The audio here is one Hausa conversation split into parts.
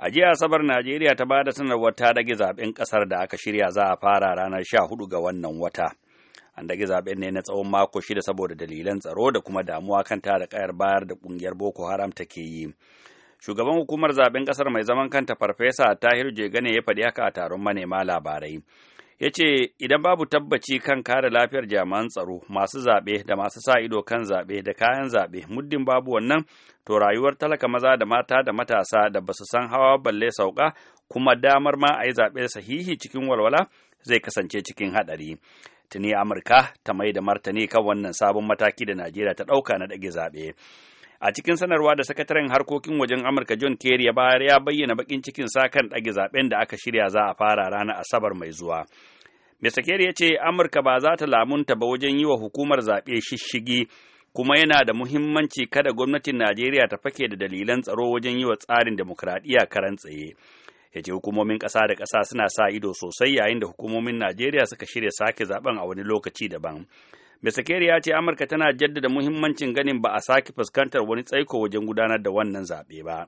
A jiya Asabar Najeriya ta bada sanarwar ta dage zaben kasar da aka shirya za a fara ranar sha hudu ga wannan wata. An dage zaben ne na tsawon mako shida saboda dalilan tsaro da kuma damuwa kan da kayar bayar da kungiyar Boko Haram take yi. Shugaban hukumar zaben kasar mai zaman kanta Farfesa Tahiru Jegane ya faɗi haka a taron manema labarai. ya ce idan babu tabbaci kan kare lafiyar jami'an tsaro masu zaɓe da masu sa ido kan zaɓe da kayan zaɓe muddin babu wannan to rayuwar talaka maza da mata da matasa da basu san hawa balle sauka kuma damar ma a yi zaɓe sahihi cikin walwala zai kasance cikin haɗari tuni amurka ta mai da martani kan wannan sabon mataki da najeriya ta ɗauka na ɗage zaɓe a cikin sanarwa da sakataren harkokin wajen amurka john kerry ya bayar ya bayyana bakin cikin sa kan ɗage zaben da aka shirya za a fara ranar asabar mai zuwa mr kerry ya ce amurka ba za ta lamunta ba wajen yi wa hukumar zaɓe shishigi kuma yana da muhimmanci kada gwamnatin najeriya ta fake da dalilan tsaro wajen yi wa tsarin demokradiyya karan tsaye ya ce hukumomin ƙasa da ƙasa suna sa ido sosai yayin da hukumomin najeriya suka shirya sake zaben a wani lokaci daban Mr. ya ce Amurka tana jaddada muhimmancin ganin ba a sake fuskantar wani tsaiko wajen gudanar da wannan zaɓe ba.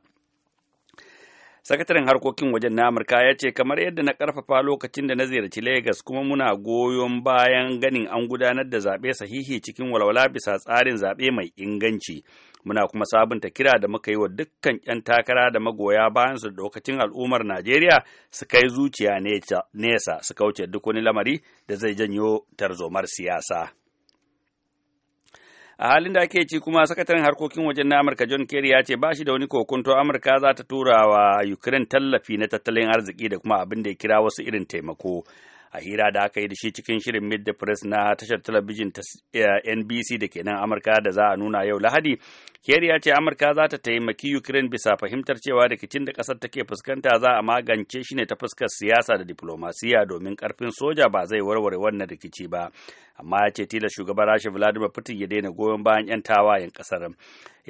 Sakataren harkokin wajen na Amurka ya ce kamar yadda na ƙarfafa lokacin da na ziyarci Legas kuma muna goyon bayan ganin an gudanar da zaɓe sahihi cikin walwala bisa tsarin zaɓe mai inganci. Muna kuma sabunta kira da muka yi wa dukkan 'yan takara da magoya bayan su lokacin al'ummar Najeriya su kai zuciya nesa su kauce duk wani lamari da zai janyo tarzomar siyasa. a halin da ake ci kuma sakataren harkokin wajen na amurka john kerry ya ce ba shi da wani kokunto amurka za ta tura wa ukraine tallafi na tattalin arziki da kuma abin da ya kira wasu irin taimako a hira da aka yi da shi cikin shirin mid the press na tashar talabijin ta eh, nbc da ke nan amurka da za a nuna yau lahadi kerry ya ce amurka za ta taimaki ukraine bisa fahimtar cewa rikicin da kasar take fuskanta za a magance shi ne ta fuskar siyasa da diplomasiya domin karfin soja ba zai warware wannan rikici ba amma ya ce tilas shugaban rasha vladimir putin ya daina goyon bayan 'yan tawayen kasar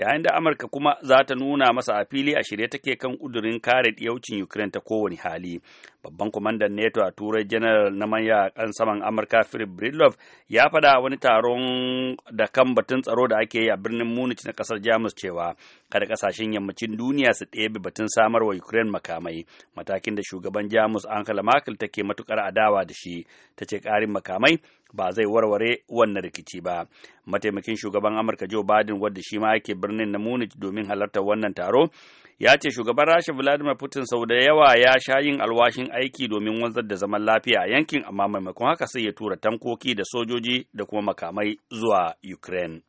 yayin da amurka kuma za ta nuna masa a fili a shirye take kan kudurin kare yaucin ukraine ta kowane hali babban kwamandan nato a turai janar na manya kan saman amurka philip bridloff ya faɗa wani taron da kan batun tsaro da ake yi a birnin munich na kasar jamus cewa kada kasashen yammacin duniya su ɗebe batun samar wa Ukraine makamai matakin da shugaban Jamus Angela Merkel take matukar adawa da shi ta ce ƙarin makamai ba zai warware wannan rikici ba mataimakin shugaban amurka joe biden wadda shi ma yake birnin na munich domin halartar wannan taro ya ce shugaban rasha vladimir putin sau da yawa ya sha yin alwashin aiki domin wanzar da zaman lafiya a yankin amma maimakon haka sai ya tura tankoki da sojoji da kuma makamai zuwa ukraine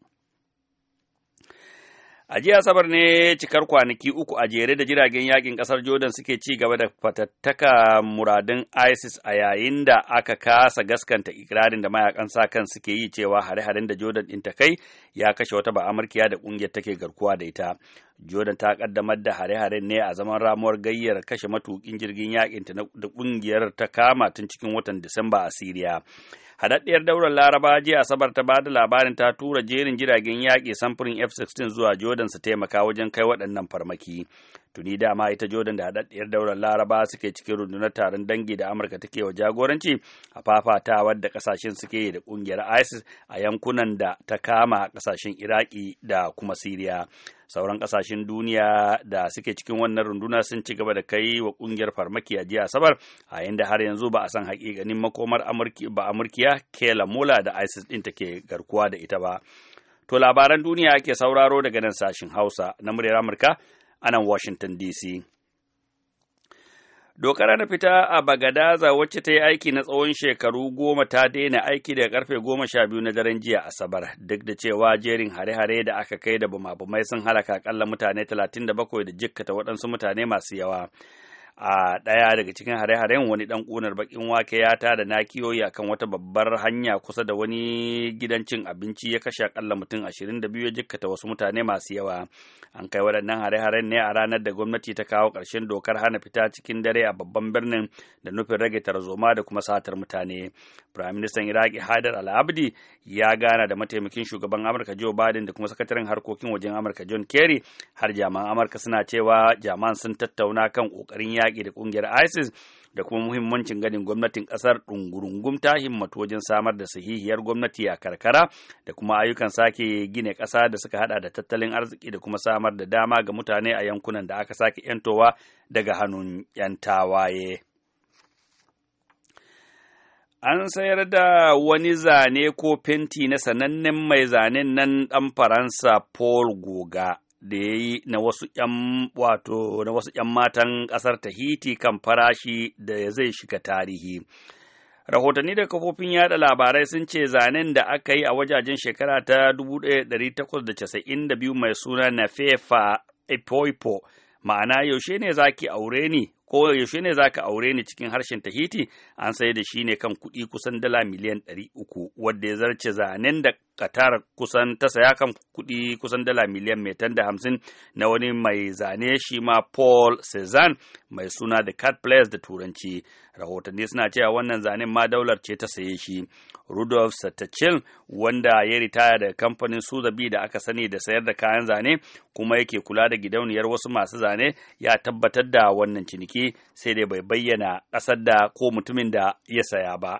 A jiya Asabar ne cikar kwanaki uku a jere da jiragen yakin ƙasar Jordan suke ci gaba da fatattaka muradun ISIS a yayin da aka kasa gaskanta ikirarin da mayakan sa kan suke yi cewa hare-haren da Jordan in ta kai ya kashe wata ba'amarkiya da ƙungiyar take garkuwa da ita. Jordan ta kaddamar da hare-haren ne a zaman ramuwar gayyar kashe matukin jirgin yakin ta da ƙungiyar ta kama tun cikin watan Disamba a Siriya. Hadaddiyar daular Laraba jiya Asabar ta bada labarin ta tura jerin jiragen yaƙi samfurin F-16 zuwa Jordan su taimaka wajen kai waɗannan farmaki. tuni dama ita jordan da haɗaɗɗiyar daular laraba suke cikin rundunar taron dangi da amurka take wa jagoranci a fafatawar da ƙasashen suke da ƙungiyar isis a yankunan da ta kama ƙasashen iraki da kuma siriya sauran ƙasashen duniya da suke cikin wannan runduna sun ci gaba da kai wa ƙungiyar farmaki a jiya asabar a yanda har yanzu ba a san haƙiƙanin makomar ba amurkiya kela mola da isis ɗin take garkuwa da ita ba to labaran duniya ake sauraro daga nan sashin hausa na muryar amurka a nan Washington DC. Dokar na fita a Bagadaza wacce ta yi aiki na tsawon shekaru goma ta daina aiki daga karfe goma sha biyu na daren jiya Asabar, duk da cewa jerin hare-hare da aka kai da bumabumai sun halaka akalla mutane talatin da bakwai da jikkata waɗansu mutane masu yawa. a ɗaya daga cikin hare-haren wani ɗan ƙunar baƙin wake ya ta da nakiyoyi akan wata babbar hanya kusa da wani gidan cin abinci ya kashe akalla mutum ashirin da biyu ya jikkata wasu mutane masu yawa an kai waɗannan hare-haren ne a ranar da gwamnati ta kawo ƙarshen dokar hana fita cikin dare a babban birnin da nufin rage tarzoma da kuma satar mutane firayim ministan iraki haidar abdi ya gana da mataimakin shugaban amurka joe biden da kuma sakataren harkokin wajen amurka john kerry har jami'an amurka suna cewa jami'an sun tattauna kan ƙoƙarin yaƙi da ƙungiyar isis da kuma muhimmancin ganin gwamnatin ƙasar ɗungurungum ta himmatu wajen samar da sahihiyar gwamnati a karkara da kuma ayyukan sake gina ƙasa da suka hada da tattalin arziki da kuma samar da dama ga mutane a yankunan da aka sake 'yantowa daga hannun 'yan tawaye. an sayar da wani zane ko fenti na sanannen mai zanen nan ɗan Faransa Paul Goga da ya yi na wasu ‘yan wato na wasu ‘yan matan ƙasar Tahiti kan farashi da zai shiga tarihi. Rahotanni da kafofin yada labarai sun ce zanen da aka yi a wajajen shekara ta 1892 mai suna Nafefa Epoipo, ma'ana yaushe ne za ki aure ni ko yaushe ne za ka aure ni cikin harshen Tahiti an sai da shi ne kan kuɗi kusan dala miliyan 300 wadda ya zarce zanen da katar kusan ta saya kan kuɗi kusan dala miliyan metan da hamsin na wani mai zane shi ma Paul Cezanne mai suna The Cat Players da Turanci. Rahotanni suna cewa wannan zanen ma daular ce ta saye shi. Rudolf Satachil wanda ya ritaya daga kamfanin Suzabi da aka sani da sayar da kayan zane kuma yake kula da gidauniyar wasu masu zane ya tabbatar da wannan ciniki sai dai bai bayyana ƙasar da ko mutumin da ya saya ba.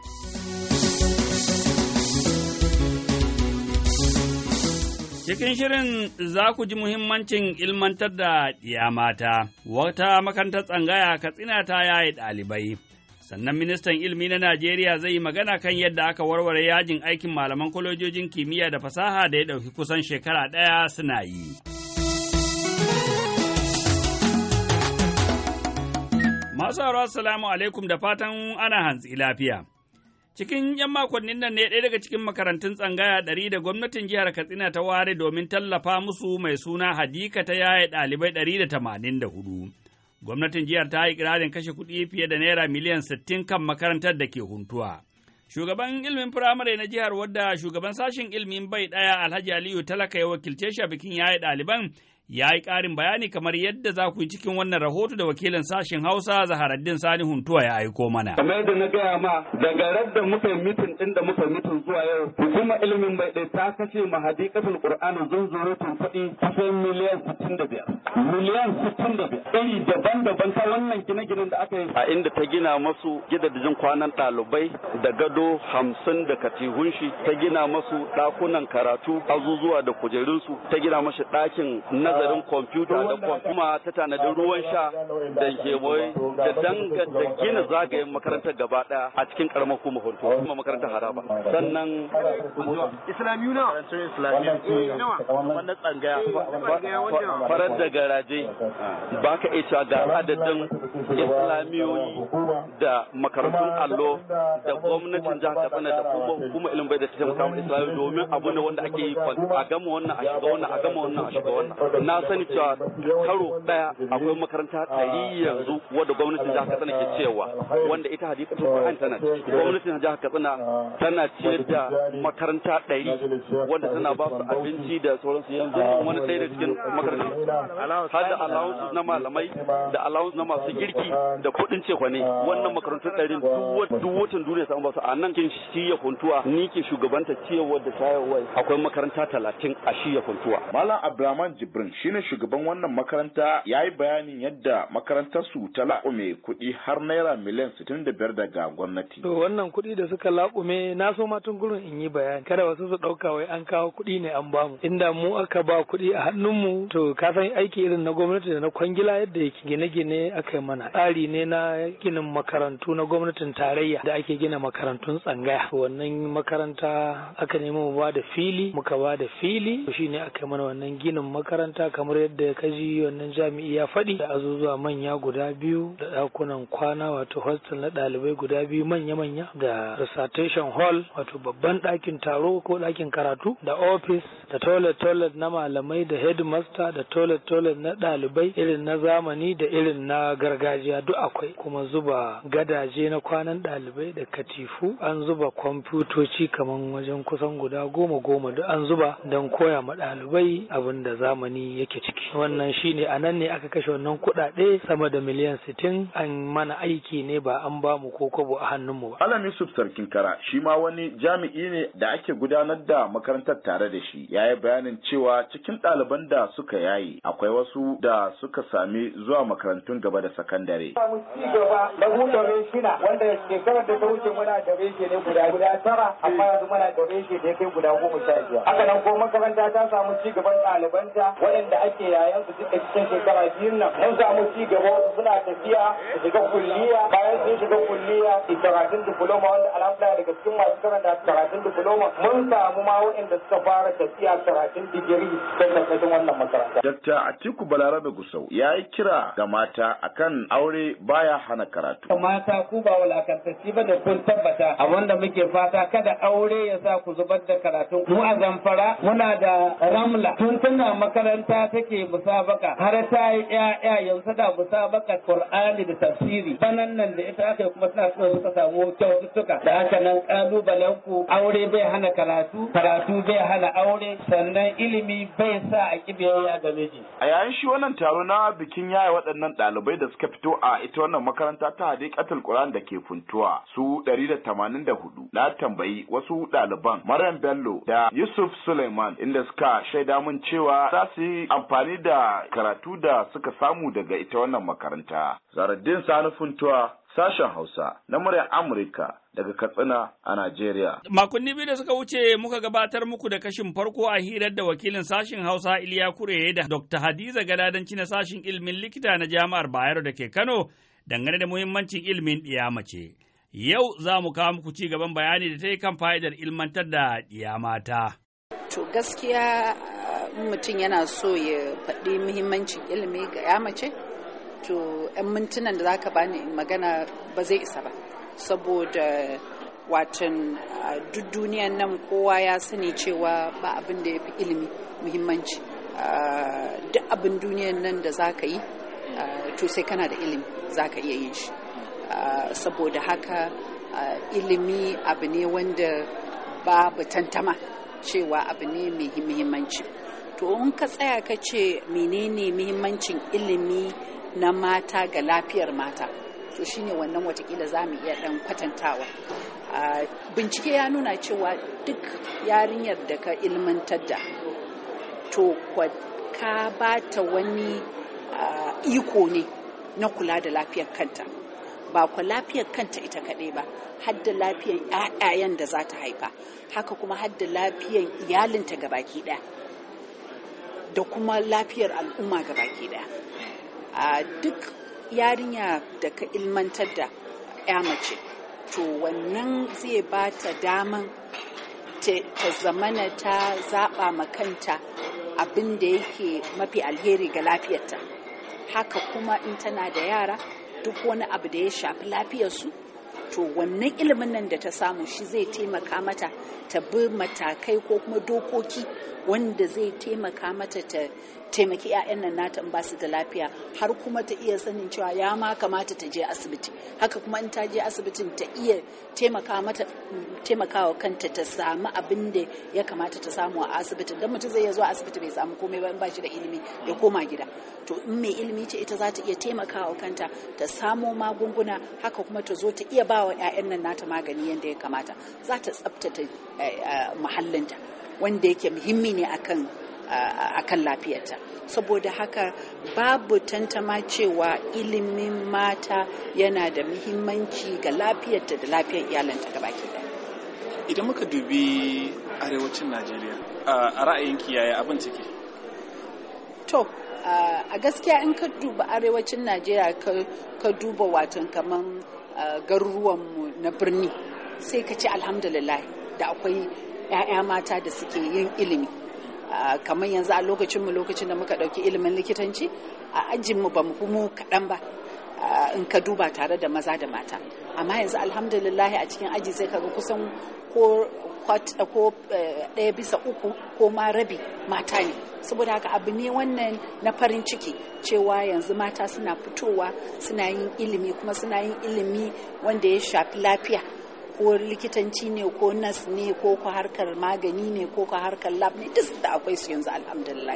Cikin shirin za ku ji muhimmancin ilmantar da ɗiya mata, wata makarantar tsangaya katsina ta yaye ɗalibai. Sannan ministan ilmi na Najeriya zai yi magana kan yadda aka warware yajin aikin malaman kwalejojin kimiyya da fasaha da ya ɗauki kusan shekara ɗaya suna yi. Masu salamu alaikum da fatan ana hantsi lafiya. Cikin ‘yan makonnin nan ne ɗaya daga cikin makarantun tsangaya ɗari da gwamnatin jihar Katsina ta ware domin tallafa musu mai suna Hadika ta yaye ɗalibai ɗari da tamanin da hudu. Gwamnatin jihar ta yi ƙirarin kashe kuɗi fiye da naira miliyan sittin kan makarantar da ke huntuwa. Shugaban ilimin firamare na jihar wadda shugaban sashen ilimin bai ɗaya Alhaji Aliyu Talaka ya wakilce shi a bikin yaye ɗaliban ya yi ƙarin bayani kamar yadda za ku yi cikin wannan rahoto da wakilin sashen Hausa Zaharaddin Sani Huntuwa ya aiko mana. Kamar yadda na gaya ma daga radda muka yi mitin ɗin da muka mitin zuwa yau hukumar ilimin bai ɗaya ta kashe ma hadikatul Qur'ani zunzurutun kuɗi kusan miliyan sittin da biyar. Miliyan sittin da biyar. daban-daban ta wannan gine-ginen da aka yi. A inda ta gina masu gidajen kwanan ɗalibai da gado hamsin da katihun shi ta gina masu ɗakunan karatu azuzuwa da kujerunsu ta gina mashi ɗakin na nazarin kwamfuta da Kuma ta tanadin ruwan sha da kewaye da danga da gina zagayen makarantar gaba daya a cikin karamar kuma hoto kuma makarantar haraba sannan islamiyu nawa islamiyu nawa wannan tsangaya farar da garaje ba ka isa ga adadin islamiyoyi da makarantun allo da gwamnatin jihar katsina da kuma hukumar ilimin bai da ta taimaka islamiyu domin abu ne wanda ake yi a gama wannan a shiga wannan a gama wannan a shiga wannan na sani cewa karo daya akwai makaranta ɗari yanzu wadda gwamnatin jihar Katsina ke cewa wanda ita ta Qur'an tana gwamnatin jihar Katsina tana ciyar da makaranta ɗari wanda tana ba su abinci da sauransu yanzu wani ɗaya da cikin makaranta har da allowance na malamai da allowance na masu girki da kuɗin ne wannan makarantun ɗari duk watan duniya an ba su a nan kin ya kuntuwa ni ke shugabanta cewa da shayarwa akwai makaranta talatin a ya kuntuwa. Malam Abdulrahman Jibrin shine shugaban wannan makaranta ya yi bayanin yadda makarantarsu ta laƙume kuɗi har naira miliyan sittin da biyar daga gwamnati. To wannan kuɗi da suka laƙume na so ma tun gurin in yi bayani kada wasu su ɗauka wai an kawo kuɗi ne an bamu inda mu aka ba kuɗi a hannunmu to ka san aiki irin na gwamnati da na kwangila yadda yake gine-gine aka yi mana tsari ne na ginin makarantu na gwamnatin tarayya da ake gina makarantun tsangaya wannan makaranta aka nemi mu ba da fili muka ba da fili shine aka yi mana wannan ginin makaranta ta kamar yadda ka ji wannan jami'i ya faɗi da azuzuwa manya guda biyu da ɗakunan kwana wato hostel na ɗalibai guda biyu manya-manya da recitation hall wato babban ɗakin taro ko ɗakin karatu da office da toilet toilet na malamai da headmaster da toilet toilet na ɗalibai irin na zamani da irin na gargajiya duk akwai kuma zuba gadaje na kwanan ɗalibai da katifu an zuba kwamfutoci kamar wajen kusan guda goma goma duk an zuba don koya ma ɗalibai abin da zamani yake ciki wannan shine a nan ne aka kashe wannan kuɗaɗe sama da miliyan sitin? an mana aiki ne ba an ba mu ko kobo a hannunmu ba alan yusuf sarkin kara shi ma wani jami'i ne da ake gudanar da makarantar tare da shi ya yi bayanin cewa cikin ɗaliban da suka yayi akwai wasu da suka sami zuwa makarantun gaba da sakandare. Samun ci gaba na hutar reshina wanda shekarar da ta wuce muna da reshe ne guda guda tara amma yanzu muna da reshe da ya kai guda goma sha biyar. Haka nan ko makaranta ta samu ci gaban ɗalibanta waɗanda halin da ake yayan su duka cikin shekara biyun nan mun samu ci gaba wasu suna tafiya su shiga kulliya bayan sun shiga kulliya su karatun diploma wanda alhamdulillah daga cikin masu karanta karatun diploma mun samu ma waɗanda suka fara tafiya karatun digiri ta tabbacin wannan makaranta. Dr. Atiku Balarabe Gusau ya yi kira ga mata akan aure baya hana karatu. Mata ku ba wulakantacci ba da kun tabbata da muke fata kada aure ya sa ku zubar da karatu. Mu a zamfara muna da ramla tun tana makaranta mata take musabaka har ta yi ƴaƴa yanzu da musabaka Qur'ani da tafsiri banan nan da ita aka kuma suna so suka samu kyaututtuka da aka nan kalubalen ku aure bai hana karatu karatu bai hana aure sannan ilimi bai sa a kibiyayya ga miji a yayin shi wannan taro na bikin yaya waɗannan ɗalibai da suka fito a ita wannan makaranta ta Hadiqatul Qur'an da ke funtuwa su 184 na tambayi wasu ɗaliban Maryam Bello da Yusuf Suleiman inda suka shaida mun cewa za su yi amfani da karatu da suka samu daga ita wannan makaranta. Zaradin Funtuwa sashen Hausa na muryar Amurka daga Katsina a Najeriya. Makonni biyu da suka wuce muka gabatar muku da kashin farko a hirar da wakilin sashen Hausa Iliya Kureye da Dr. Hadiza gadadanci na sashen ilimin likita na Jami'ar Bayero da ke Kano dangane da muhimmancin ilimin mace. Yau za mu kawo muku ci gaban bayani da ta yi kan fa'idar ilmantar da ɗiya mata. To gaskiya in mutum yana so ya faɗi muhimmancin ilimi ga ya mace to 'yan mintunan da zaka bani magana ba zai isa ba saboda watan duk duniyan nan kowa ya sani cewa ba abin da ya fi ilimi muhimmanci duk abin duniyan nan da zaka yi to sai kana da ilimi zaka iya yin shi saboda haka ilimi abu ne wanda babu tantama cewa abu ne mai muhimmanci. to in ka tsaya ka ce menene muhimmancin ilimi na mata ga lafiyar mata to shine wannan watakila za mu iya dan kwatantawa bincike ya nuna cewa duk yarinyar da ka ilmantar da to ka ba ta wani iko ne na kula da lafiyar kanta ba kwa lafiyar kanta ita kaɗai ba hadda lafiyar 'ya'yan da za ta haifa haka kuma hadda lafiyar iyalinta ga baki ɗaya da kuma lafiyar al'umma ga baki daya a duk yarinya da ka ilmantar da ya mace to wannan zai ba ta daman ta zamana ta zaɓa makanta abin da yake mafi alheri ga lafiyarta haka kuma in tana da yara duk wani abu da ya shafi lafiyarsu to wannan ilimin nan da ta samu shi zai taimaka mata ta bi matakai ko kuma dokoki wanda zai taimaka mata ta taimaki 'ya'yan nan nata in ba da lafiya har kuma ta iya sanin cewa ya ma kamata ta je asibiti haka kuma in ta je asibitin ta iya taimakawa kanta ta samu abin da ya kamata ta samu a asibitin don mutum zai zo asibiti bai samu komai ba in ba da ilimi ya koma gida to in mai ilimi ce ita za ta iya taimakawa kanta ta samo magunguna haka kuma ta zo ta iya ba wa 'ya'yan nan nata magani yadda ya kamata za ta tsabtata eh, eh, muhallinta wanda yake muhimmi ne akan a kan lafiyarta saboda haka babu tantama cewa ilimin mata yana da muhimmanci ga lafiyarta da lafiyar iyalanta gabaki da. idan muka dubi arewacin najeriya a ra'ayinki yaya abin ciki to a gaskiya in ka duba arewacin najeriya ka duba watan kaman garuruwanmu na birni sai ka ce alhamdulillah da akwai 'ya'ya mata da suke yin ilimi kamar yanzu a lokacin mu lokacin da muka ɗauki ilimin likitanci a ajinmu mu ba mu kaɗan ba in ka duba tare da maza da mata amma yanzu alhamdulillah a cikin aji sai kaga kusan ko ko eh, ɗaya bisa uku ko ma rabi mata ne saboda haka abu ne wannan na farin ciki cewa yanzu mata suna fitowa suna yin ilimi kuma suna yin ilimi wanda ya shafi lafiya ko likitanci ne ko nas ne ko ko harkar magani ne ko ko harkar lab ne duk da akwai su yanzu alhamdulillah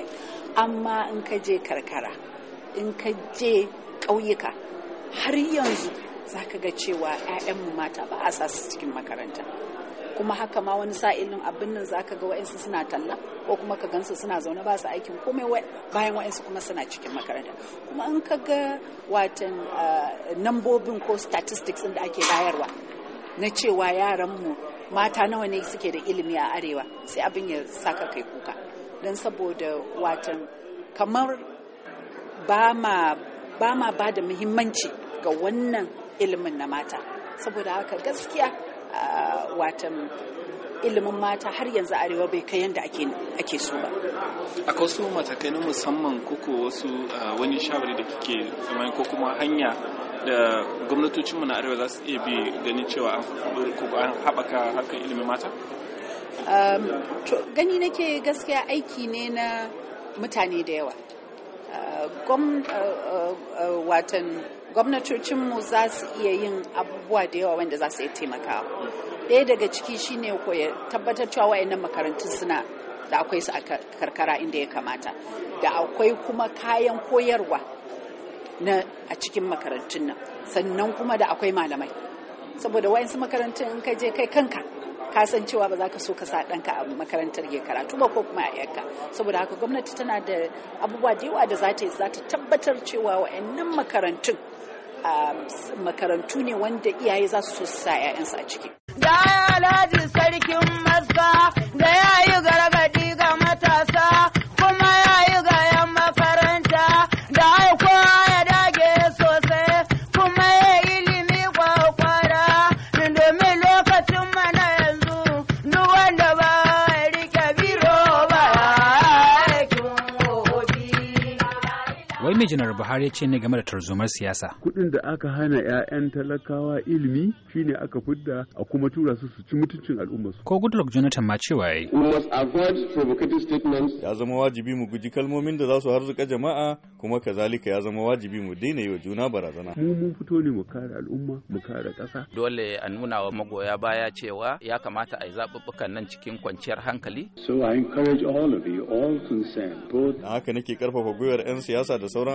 amma in ka je karkara in ka je ƙauyuka har yanzu za ka ga cewa 'ya'yanmu mata ba a sa su cikin makaranta kuma haka ma wani sa'ilin abin nan za ka ga wa'insu suna talla ko kuma ka gansu suna zaune ba su aikin komai bayan wa'insu kuma suna cikin makaranta kuma in ka ga watan ah, nambobin ko statistics da ake bayarwa na cewa yaranmu mata nawa ne suke da ilimi a arewa sai abin ya saka kai kuka don saboda watan kamar ba ma ba da muhimmanci ga wannan ilimin na mata saboda haka gaskiya watan ilimin mata har yanzu arewa bai kai yadda ake so ba akwai wasu matakai na musamman koko wasu wani shawari da kike zama ko kuma hanya da gwamnatocinmu na arewa za su iya bi ganin cewa an haɓaka harkar ilimin mata? Um, gani nake gaskiya aiki ne na mutane da yawa uh, uh, uh, watan gwamnatocinmu za su iya yin abubuwa da yawa wanda za su iya taimakawa ɗaya daga ciki shine koya tabbatar cewa wayannan makarantun suna da akwai su a karkara inda ya kamata da akwai kuma kayan koyarwa na a cikin makarantun nan sannan kuma da akwai malamai saboda wayansu makarantun in ka je kai kanka ka san cewa ba za ka so ka sa ɗanka a makarantar ke karatu ba ko kuma a yanka saboda haka gwamnati tana da abubuwa da yawa da za ta yi za ta tabbatar cewa wayannan makarantun um, makarantu ne wanda iyaye za su so su sa 'ya'yansu a ciki. Da Alhaji Sarkin maza. ne janar buhari ya ce ne game da tarzomar siyasa kuɗin da aka hana 'ya'yan talakawa ilimi shine aka fidda a kuma tura su su ci mutuncin al'umma ko goodluck jonathan ma cewa yayi ya zama wajibi mu guji kalmomin da za su harzuka jama'a kuma kazalika ya zama wajibi mu daina yi wa juna barazana mu mun fito ne mu kare al'umma mu kare ƙasa dole a nuna wa magoya baya cewa ya kamata a yi zaɓuɓɓukan nan cikin kwanciyar hankali so i encourage all of you all concerned both haka nake karfafa gwiwar 'yan siyasa da sauran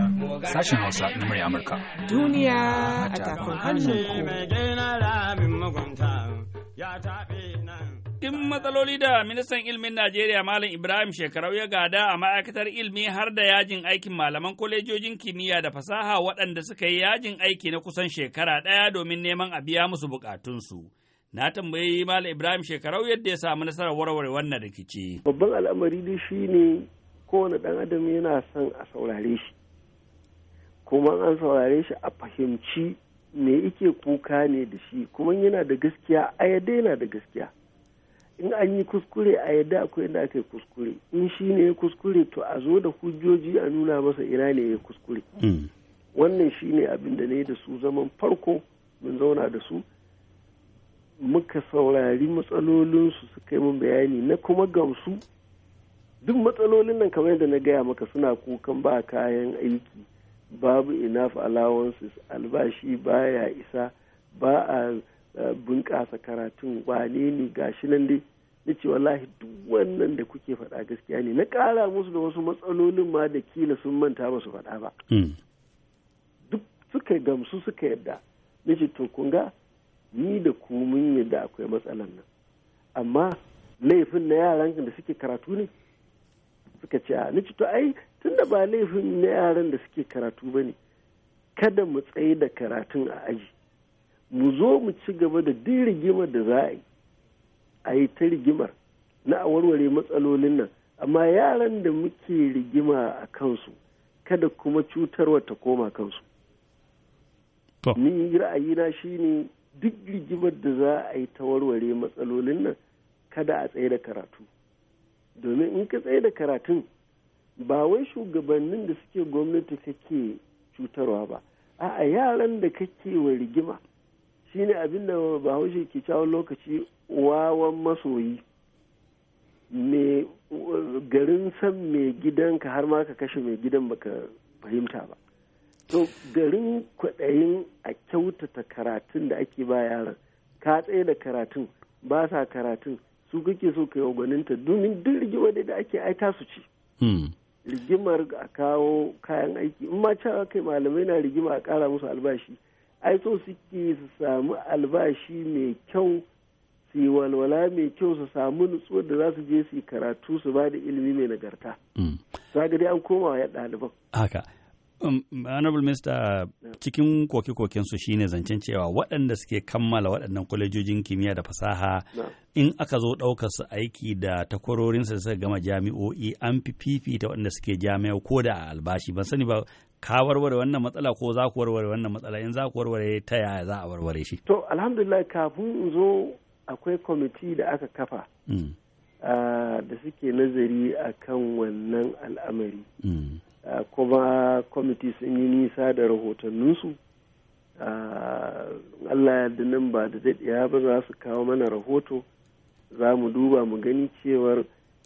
sashen Hausa na murya Amurka. Duniya a hannunku. In matsaloli da ministan ilimin Najeriya Malam Ibrahim Shekarau ya gada a ma'aikatar ilimi har da yajin aikin malaman kwalejojin kimiyya da fasaha waɗanda suka yi yajin aiki na kusan shekara ɗaya domin neman a biya musu bukatunsu. na tambayi mala ibrahim shekarau yadda ya samu nasarar warware wannan rikici babban al'amari dai ne kowane ɗan adam yana son a saurare shi kuma an saurare shi a fahimci me yake kuka ne da shi kuma yana da gaskiya a yadda yana da gaskiya in an yi kuskure a yadda akwai inda aka yi kuskure in shi ne ya kuskure to a zo da hujjoji a nuna masa ina ne ya kuskure hmm. wannan shi ne abin da ne da su zaman farko mun zauna da su muka saurari matsalolinsu su kai mun bayani na kuma gamsu duk matsalolin nan kamar yadda na gaya maka suna kukan ba kayan aiki babu enough allowances albashi baya isa ba a eh, bunƙasa karatun wane ne gashi nan dai na ce wallahi duk wannan da kuke faɗa gaskiya ne na ƙara musu da wasu matsalolin ma da kila sun manta ba su faɗa ba hmm. duk suka gamsu suka yadda na ce to kun ga ni da ku mun yadda akwai matsalan nan amma laifin na yaran da suke karatu ne suka ce a ah, ni to ai tunda ba laifin na yaran da suke karatu ba ne kada mu tsaye da karatun a aji mu zo mu ci gaba da duk rigimar da za a yi a yi ta rigimar na a warware matsalolin nan amma yaran da muke rigima a kansu kada kuma cutarwa ta koma kansu ni ra'ayina ne duk rigimar da za a yi ta warware matsalolin nan kada a tsaye da karatu domin in ka tsaye da karatun ba wai shugabannin da suke gwamnati kake cutarwa ba a yaran da kake wa rigima shine abin da haushe ke cawon lokaci wawan masoyi garin san mai gidan ka har ma ka kashe mai gidan baka fahimta ba to garin kwaɗayin a kyautata karatun da ake ba yaran ka tsaye da karatun ba sa karatun su kake so ka yi gwaninta domin duk rigima da ake aita su ci hmm. rigimar a kawo kayan aiki in ma cewa kai malamai na rigima a kara musu albashi ai so suke su samu albashi mai kyau su yi walwala mai kyau su samu nutsuwar da za su je su yi karatu su ba da ilimi mai nagarta. Hmm. Za dai an komawa ya ɗaliban. Haka. Um, honorable minister cikin koke-koken su shine zancen cewa waɗanda suke kammala waɗannan kwalejojin kimiyya da fasaha in aka zo ɗaukar su aiki da takwarorin su suka gama jami'o'i an fi fifita waɗanda suke jami'a ko da a albashi ban sani ba ka warware wannan matsala ko za ku warware wannan matsala in za ku warware ta yaya za a warware shi to alhamdulillah kafin in zo akwai kwamiti da aka kafa mm. ah, da suke nazari akan wannan al'amari mm. Eh, kuma kwamiti sun yi nisa da rahotanninsu eh, allah ya nan ba da daɗiya ba za su kawo mana rahoto za mu duba mu gani cewar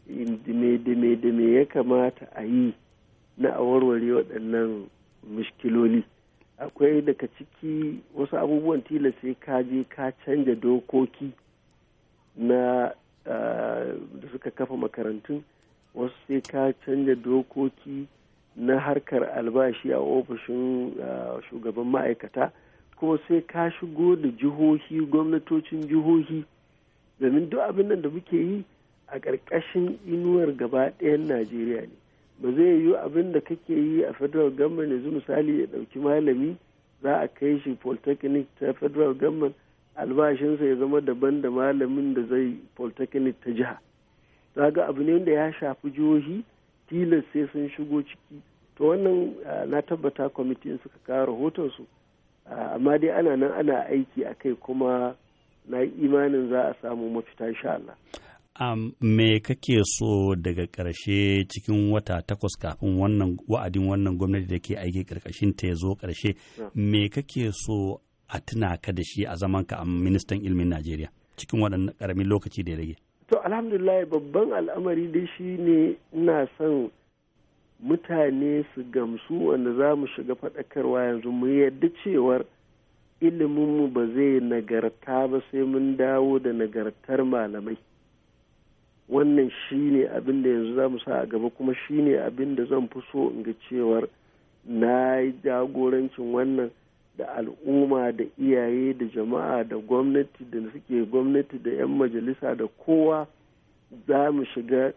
dame-dame ya kamata a yi na a warware waɗannan mishkiloli akwai daga ciki wasu abubuwan tilas ka je ka canja dokoki na eh, da suka kafa makarantun wasu sai ka canja dokoki na harkar albashi a ofishin shugaban ma'aikata ko sai ka shigo da jihohi gwamnatocin jihohi domin duk abin nan da muke yi a ƙarƙashin inuwar gaba ɗayan najeriya ne ba zai yiwu abin da kake yi a federal government yanzu misali ya ɗauki malami za a kai shi polytechnic ta federal government albashinsa ya zama daban da malamin da zai polytechnic ta jiha za ga abu ne da ya shafi jihohi tilas sai sun shigo ciki to wannan na tabbata kwamitin suka kawo rahotonsu amma dai ana nan ana aiki a kai kuma na imanin za a samu mafita insha Allah. me kake so daga karshe cikin wata takwas kafin wannan wa'adin wannan gwamnati da ke aiki ƙarƙashin ta ya zo karshe me kake so a tuna ka da shi a zaman ka a ministan ilimin Najeriya cikin waɗannan ƙaramin lokaci da ya rage? to alhamdulillah babban al'amari dai ne ina son mutane su gamsu wanda za mu shiga faɗakarwa yanzu mu yadda cewar iliminmu ba zai nagarta ba sai mun dawo da nagartar malamai wannan shi ne abin da yanzu za mu sa a gaba kuma shi ne abin da zan fi so in ga cewar na jagorancin wannan da al'umma da iyaye da jama'a da gwamnati da suke gwamnati da 'yan majalisa da kowa za mu shiga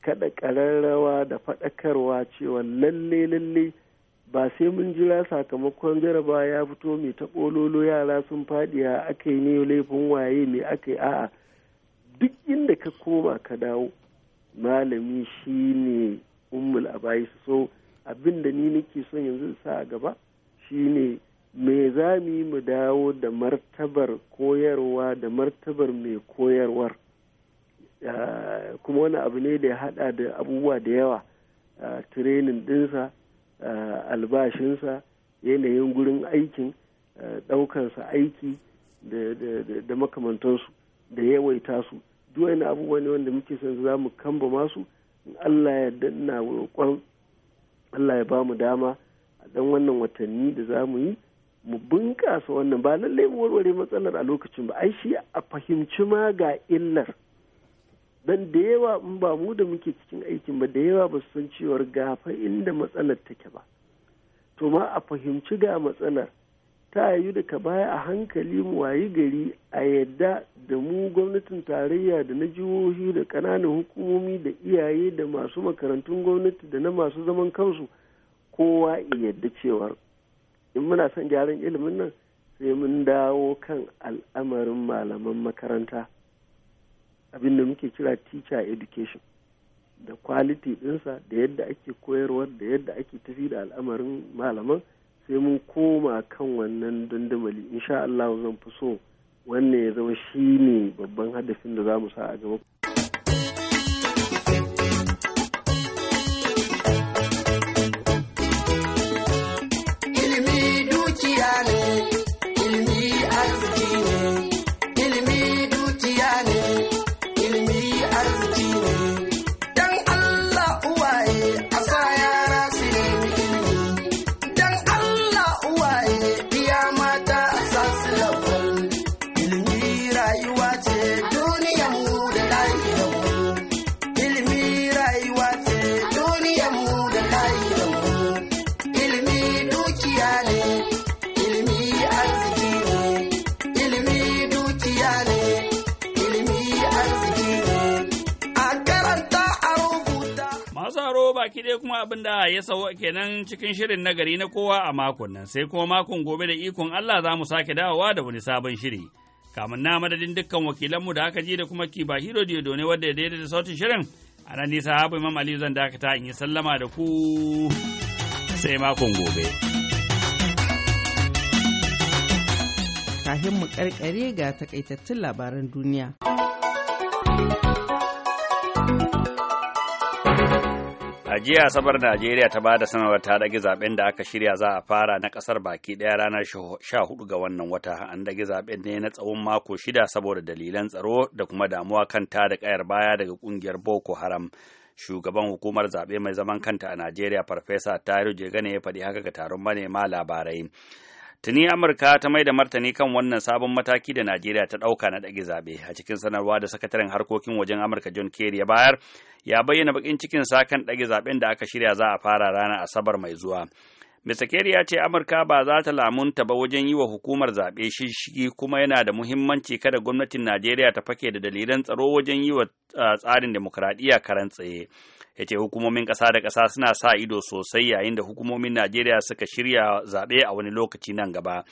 kada ƙararrawa da faɗakarwa cewa lalle lalle ba sai mun jira sakamakon jaraba ya fito mai ta yara sun faɗi a aka yi ne laifin waye mai aka yi a'a duk inda ka koma ka dawo malami shi shine umul abayi so abin da ni nake son yanzu sa a gaba shi ne. me za mu yi mu dawo da martabar koyarwa da martabar mai koyarwar kuma wani abu ne da ya hada da abubuwa da yawa tirenin dinsa albashinsa yanayin gurin aikin daukansa aiki da makamantansu da yawaita su duk wani abubuwa ne wanda muke son za mu kamba masu allah ya danna roƙon allah ya ba mu dama a dan wannan watanni da za mu yi mu bunƙasa wannan ba lallai mu warware matsalar a lokacin ba ai shi a fahimci ma ga illar dan da yawa in ba mu da muke cikin aikin ba da yawa ba su san cewar gafa inda matsalar take ba to ma a fahimci ga matsalar ta yi ka baya a hankali mu wayi gari a yadda da mu gwamnatin tarayya da na jihohi da ƙananan hukumomi da iyaye da masu makarantun gwamnati da na masu zaman kansu kowa yadda cewar in muna son gyaran ilimin nan sai mun dawo kan al'amarin malaman makaranta abin da muke kira teacher education da quality dinsa da yadda ake koyarwa da yadda ake tafi da al'amarin malaman sai mun koma kan wannan dandamali insha Allah zan fi so wannan ya zama shi ne babban hadafin da za mu sa a gaba abin da ya sauwa kenan cikin shirin nagari na kowa a makon nan sai kuma makon gobe da ikon Allah za mu sake dawowa da wani sabon shiri. Kamun na madadin dukkan wakilanmu da aka ji da kuma kiba hiro da ne wadda ya daidaita sautin shirin a nan nisa habu imam Ali zan dakata in yi sallama da ku sai makon gobe. Kahin mu karkare ga takaitattun labaran duniya. A jiya Asabar Najeriya ta bada sanarwar ta dage zaben da aka shirya za a fara na kasar baki ɗaya ranar sha hudu ga wannan wata. An dage zaben ne na tsawon mako shida saboda dalilan tsaro da kuma damuwa kan ta da kayar baya daga ƙungiyar Boko Haram. Shugaban hukumar zaɓe mai zaman kanta a Najeriya Farfesa Tayo Jegane ya faɗi haka ga taron manema labarai. Tuni Amurka ta mai da martani kan wannan sabon mataki da Najeriya ta ɗauka na ɗage zaɓe a cikin sanarwa da sakataren harkokin wajen Amurka John Kerry ya bayar ya bayyana bakin cikin sa kan ɗage zaɓen da aka shirya za a fara ranar Asabar mai zuwa. Mr. ya ce Amurka ba za ta lamunta ba wajen yi wa hukumar zaɓe shishigi kuma yana da muhimmanci kada gwamnatin Najeriya ta fake da dalilan tsaro wajen yi wa tsarin demokuraɗiyya karan tsaye. Ya ce hukumomin ƙasa da ƙasa suna sa ido sosai yayin da hukumomin Najeriya suka shirya zaɓe a wani lokaci nan gaba.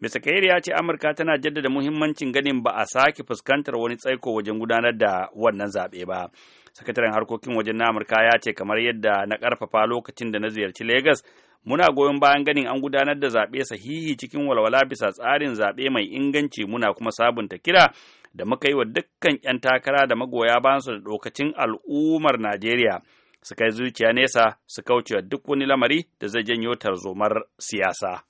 Mr. Kerry ya ce Amurka tana jaddada muhimmancin ganin ba a sake fuskantar wani tsaiko wajen gudanar da wannan zaɓe ba. sakataren harkokin wajen na amurka ya ce kamar yadda na karfafa lokacin da na ziyarci Legas, muna goyon bayan ganin an gudanar da zaɓe sahihi cikin walwala bisa tsarin zaɓe mai inganci muna kuma sabunta kira da muka yi wa dukkan 'yan takara da magoya bayansu da dokacin al'ummar najeriya su kai zuciya nesa su kauce duk wani lamari da zai janyo tarzomar siyasa.